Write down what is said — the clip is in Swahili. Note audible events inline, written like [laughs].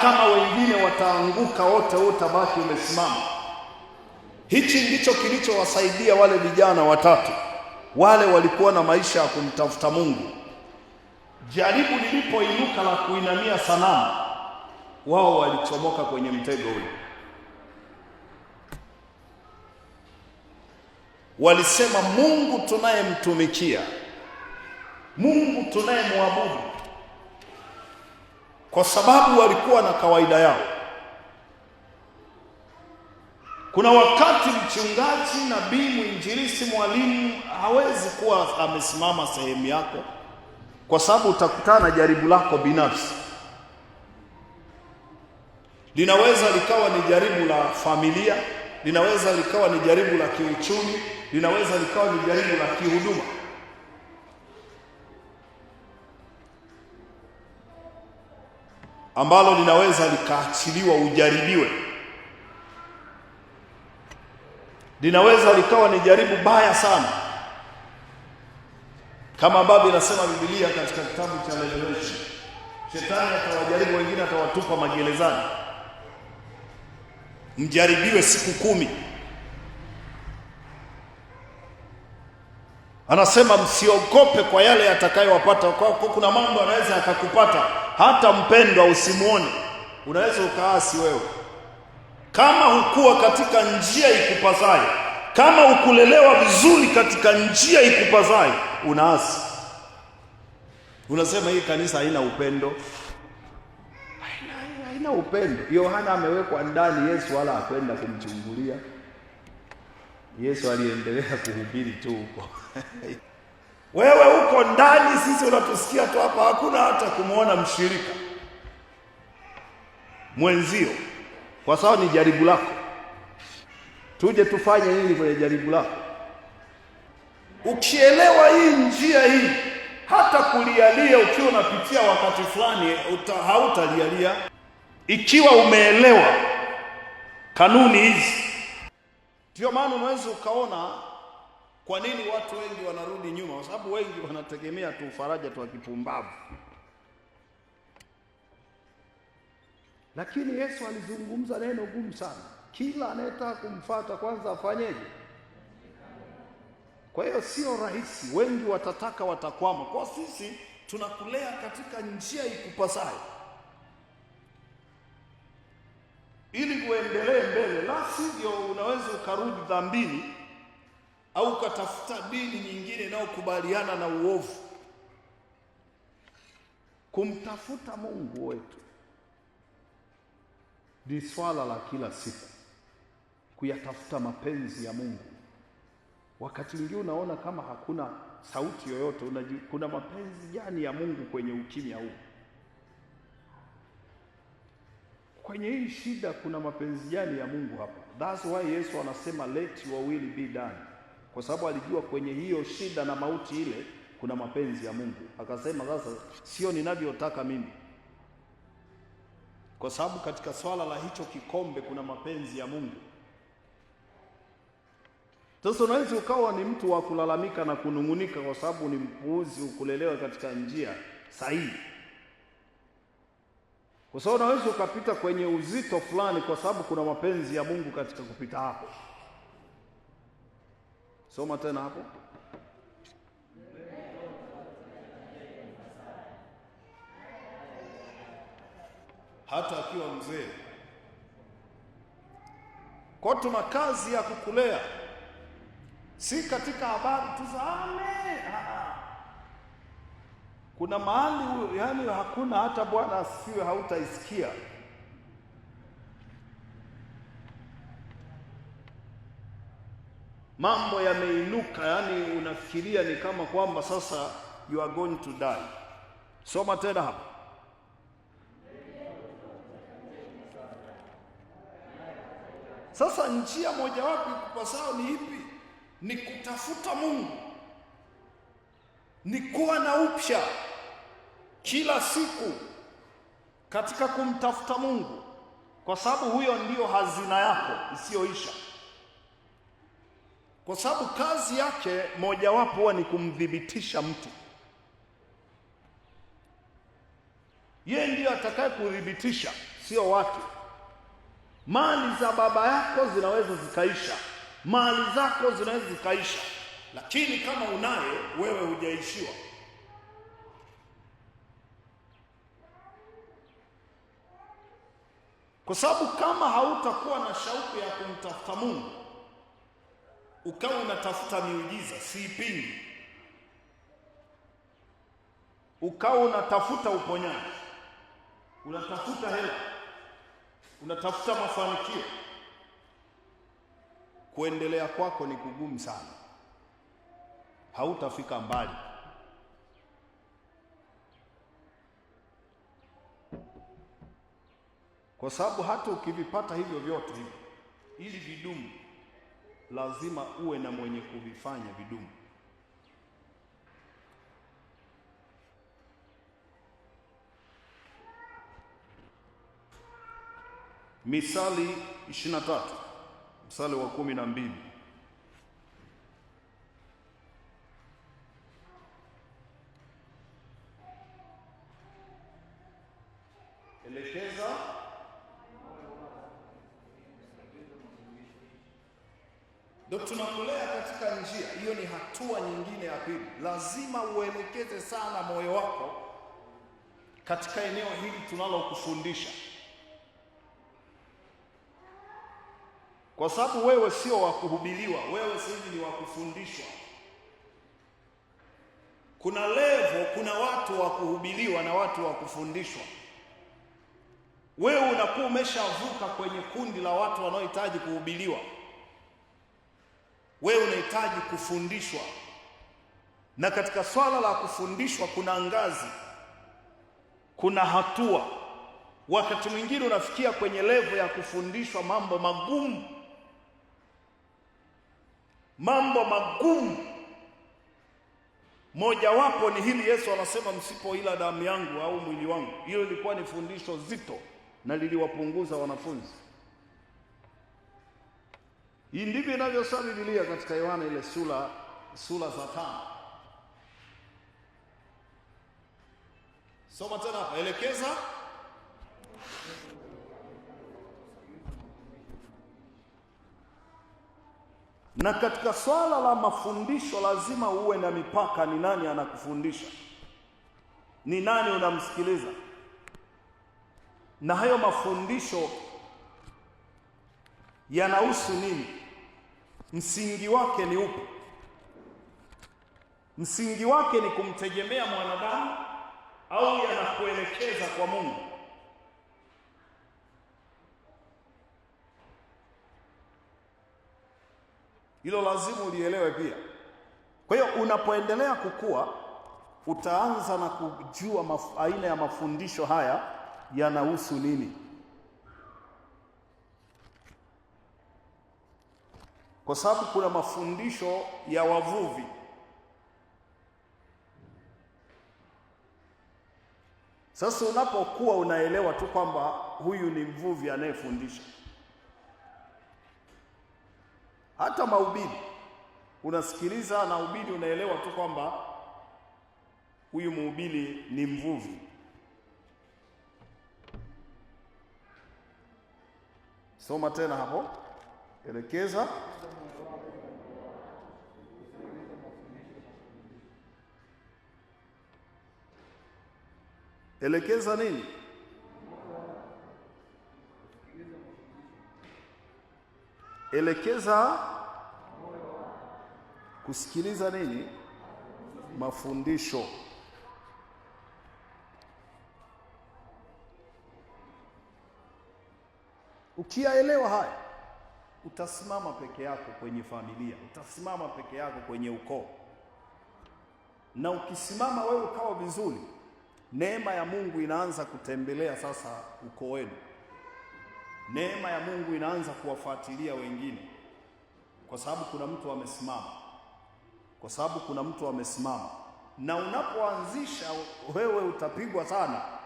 kama wengine wataanguka, wote wewe utabaki umesimama. Hichi ndicho kilichowasaidia wale vijana watatu wale, walikuwa na maisha ya kumtafuta Mungu. Jaribu lilipoinuka la kuinamia sanamu, wao walichomoka kwenye mtego ule. Walisema Mungu tunayemtumikia, Mungu tunayemwabudu kwa sababu walikuwa na kawaida yao. Kuna wakati mchungaji, nabii, mwinjilisi, mwalimu hawezi kuwa amesimama sehemu yako, kwa sababu utakutana na jaribu lako binafsi. Linaweza likawa ni jaribu la familia, linaweza likawa ni jaribu la kiuchumi, linaweza likawa ni jaribu la kihuduma. ambalo linaweza likaachiliwa ujaribiwe, linaweza likawa ni jaribu baya sana, kama ambavyo inasema Biblia katika kitabu cha Revelation, shetani atawajaribu wengine, atawatupa magerezani, mjaribiwe siku kumi. Anasema msiogope kwa yale yatakayowapata kwa Kuna mambo anaweza akakupata hata mpendwa usimuone, unaweza ukaasi wewe, kama hukuwa katika njia ikupasayo, kama hukulelewa vizuri katika njia ikupasayo, unaasi. Unasema hii kanisa haina upendo, haina, haina upendo. Yohana amewekwa ndani, Yesu wala hakwenda kumchungulia. Yesu aliendelea kuhubiri tu huko [laughs] Wewe uko ndani, sisi unatusikia tu hapa, hakuna hata kumwona mshirika mwenzio, kwa sababu ni jaribu lako. Tuje tufanye nini kwenye jaribu lako? Ukielewa hii njia hii, hata kulialia ukiwa unapitia wakati fulani hautalialia. Ikiwa umeelewa kanuni hizi, ndio maana unaweza ukaona kwa nini watu wengi wanarudi nyuma? Kwa sababu wengi wanategemea tu faraja tu kipumbavu. Lakini Yesu alizungumza neno gumu sana, kila anayetaka kumfata kwanza afanyeje? Kwa hiyo sio rahisi, wengi watataka watakwama. Kwa sisi tunakulea katika njia ikupasayo ili uendelee mbele, la sivyo unaweza ukarudi dhambini au ukatafuta dini nyingine inayokubaliana na uovu. Kumtafuta Mungu wetu ni swala la kila siku, kuyatafuta mapenzi ya Mungu. Wakati mwingine unaona kama hakuna sauti yoyote, unaji, kuna mapenzi gani ya Mungu kwenye ukimya huu? Kwenye hii shida kuna mapenzi gani ya Mungu hapa? That's why Yesu anasema let your will be done kwa sababu alijua kwenye hiyo shida na mauti ile kuna mapenzi ya Mungu. Akasema sasa, sio ninavyotaka mimi, kwa sababu katika swala la hicho kikombe kuna mapenzi ya Mungu. Sasa unaweza ukawa ni mtu wa kulalamika na kunung'unika, kwa sababu ni mpuuzi, ukulelewa katika njia sahihi, kwa sababu unaweza ukapita kwenye uzito fulani, kwa sababu kuna mapenzi ya Mungu katika kupita hapo. Soma tena hapo. Hata akiwa mzee, kwa tuna kazi ya kukulea, si katika habari tuzame. Ah, ah. Kuna mahali yani hakuna hata bwana asiwe, hautaisikia mambo yameinuka, yani unafikiria ni kama kwamba sasa you are going to die. Soma tena hapa. Sasa njia mojawapo ikupasao ni ipi? Ni kutafuta Mungu, ni kuwa na upya kila siku katika kumtafuta Mungu, kwa sababu huyo ndiyo hazina yako isiyoisha kwa sababu kazi yake mojawapo huwa ni kumdhibitisha mtu. Yeye ndiyo atakaye kudhibitisha, sio watu. Mali za baba yako zinaweza zikaisha, mali zako zinaweza zikaisha, lakini kama unayo wewe, hujaishiwa. Kwa sababu kama hautakuwa na shauku ya kumtafuta Mungu ukawa unatafuta miujiza, siipingi, ukawa unatafuta uponyaji, unatafuta hela, unatafuta mafanikio, kuendelea kwako ni kugumu sana, hautafika mbali. kwa sababu hata ukivipata hivyo vyote hivi ili vidumu lazima uwe na mwenye kuvifanya vidumu. Misali 23 msali wa kumi na mbili. ndo tunakulea katika njia hiyo. Ni hatua nyingine ya pili, lazima uelekeze sana moyo wako katika eneo hili tunalokufundisha, kwa sababu wewe sio wa kuhubiriwa, wewe sasa ni wa kufundishwa. Kuna levo, kuna watu wa kuhubiriwa na watu wa kufundishwa. Wewe unakuwa umeshavuka kwenye kundi la watu wanaohitaji kuhubiriwa wewe unahitaji kufundishwa, na katika swala la kufundishwa kuna ngazi, kuna hatua. Wakati mwingine unafikia kwenye levo ya kufundishwa mambo magumu, mambo magumu. Mojawapo ni hili, Yesu anasema msipoila damu yangu au mwili wangu. Hilo ilikuwa ni fundisho zito na liliwapunguza wanafunzi. Hii ndivyo inavyosema Biblia katika Yohana ile sura sura za tano. Soma tena hapa, elekeza na katika swala la mafundisho lazima uwe na mipaka. Ni nani anakufundisha? Ni nani unamsikiliza? Na hayo mafundisho yanahusu nini? msingi wake ni upi? Msingi wake ni kumtegemea mwanadamu au yanakuelekeza kwa Mungu? Hilo lazima ulielewe pia. Kwa hiyo unapoendelea kukua, utaanza na kujua maf aina ya mafundisho haya yanahusu nini. kwa sababu kuna mafundisho ya wavuvi Sasa unapokuwa unaelewa tu kwamba huyu ni mvuvi anayefundisha, hata maubili unasikiliza na ubiri, unaelewa tu kwamba huyu mhubiri ni mvuvi. Soma tena hapo elekeza elekeza nini? Elekeza kusikiliza nini? Mafundisho. Ukiyaelewa haya utasimama peke yako kwenye familia, utasimama peke yako kwenye ukoo. Na ukisimama wewe ukawa vizuri, neema ya Mungu inaanza kutembelea sasa ukoo wenu, neema ya Mungu inaanza kuwafuatilia wengine, kwa sababu kuna mtu amesimama, kwa sababu kuna mtu amesimama. Na unapoanzisha wewe utapigwa sana